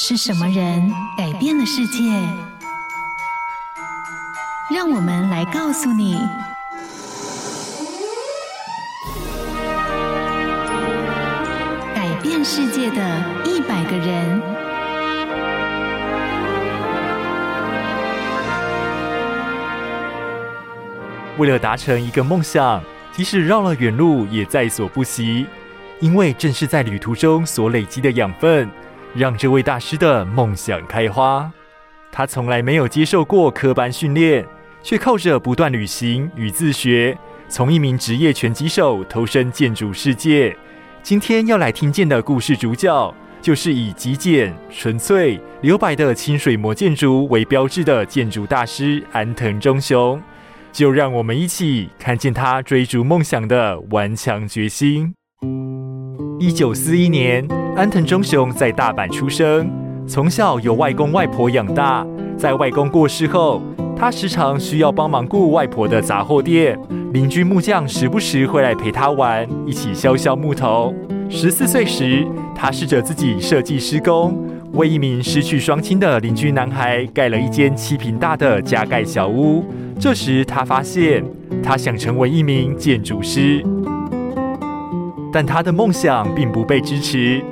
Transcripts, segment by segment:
是什麼人改變了世界？讓我們來告訴你：改變世界的一百個人。為了達成一個夢想，即使繞了遠路也在所不惜，因為正是在旅途中所累積的養分。讓這位大師的夢想開花。他從來沒有接受過科班訓練，卻靠着不斷旅行與自學，從一名職業拳擊手投身建築世界。今天要來聽見的故事主角，就是以極簡、純粹、留白的清水模建築為標誌的建築大師安藤忠雄。就讓我們一起看見他追逐夢想的頑強決心。一九四一年，安藤忠雄在大阪出生，從小由外公外婆養大。在外公過世後，他時常需要幫忙顧外婆的雜貨店。鄰居木匠時不時會來陪他玩，一起削削木頭。十四歲時，他試着自己設計施工，為一名失去雙親的鄰居男孩蓋了一間七坪大的加蓋小屋。這時，他發現他想成為一名建築師。但他的夢想並不被支持，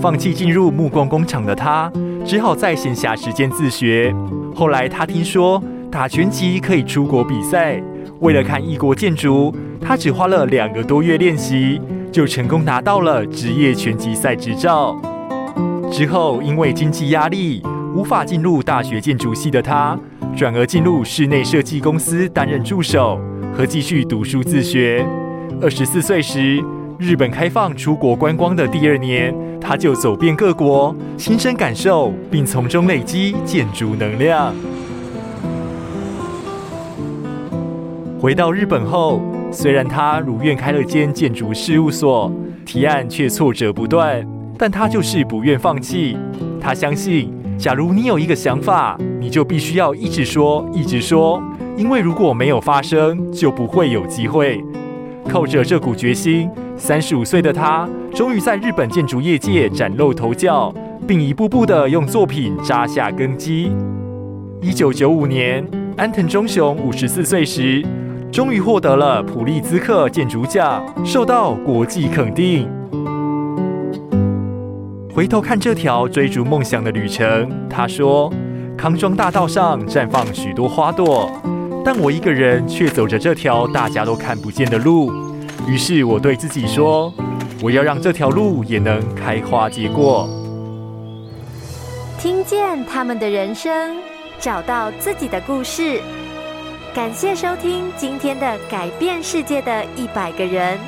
放棄進入木工工廠的他，只好在閒暇時間自學。後來他聽說打拳擊可以出國比賽，為了看異國建築，他只花了兩個多月練習，就成功拿到了職業拳擊賽執照。之後因為經濟壓力無法進入大學建築系的他，轉而進入室內設計公司擔任助手，和繼續讀書自學。二十四歲時，日本開放出國觀光的第二年，他就走遍各國，親身感受，並從中累積建築能量。回到日本後，雖然他如願開了間建築事務所，提案卻挫折不斷，但他就是不願放棄。他相信，假如你有一個想法，你就必須要一直說，一直說，因為如果沒有發聲，就不會有機會。靠着這股決心。三十五歲的他，終於在日本建築業界嶄露頭角，並一步步地用作品扎下根基。一九九五年，安藤忠雄五十四歲時，終於獲得了普利茲克建築獎，受到國際肯定。回頭看這條追逐夢想的旅程，他說：“康莊大道上綻放許多花朵，但我一個人卻走着這條大家都看不見的路。”於是我對自己說：“我要讓這條路也能開花結果。”聽見他們的人生，找到自己的故事。感謝收聽今天的《改變世界的一百個人》。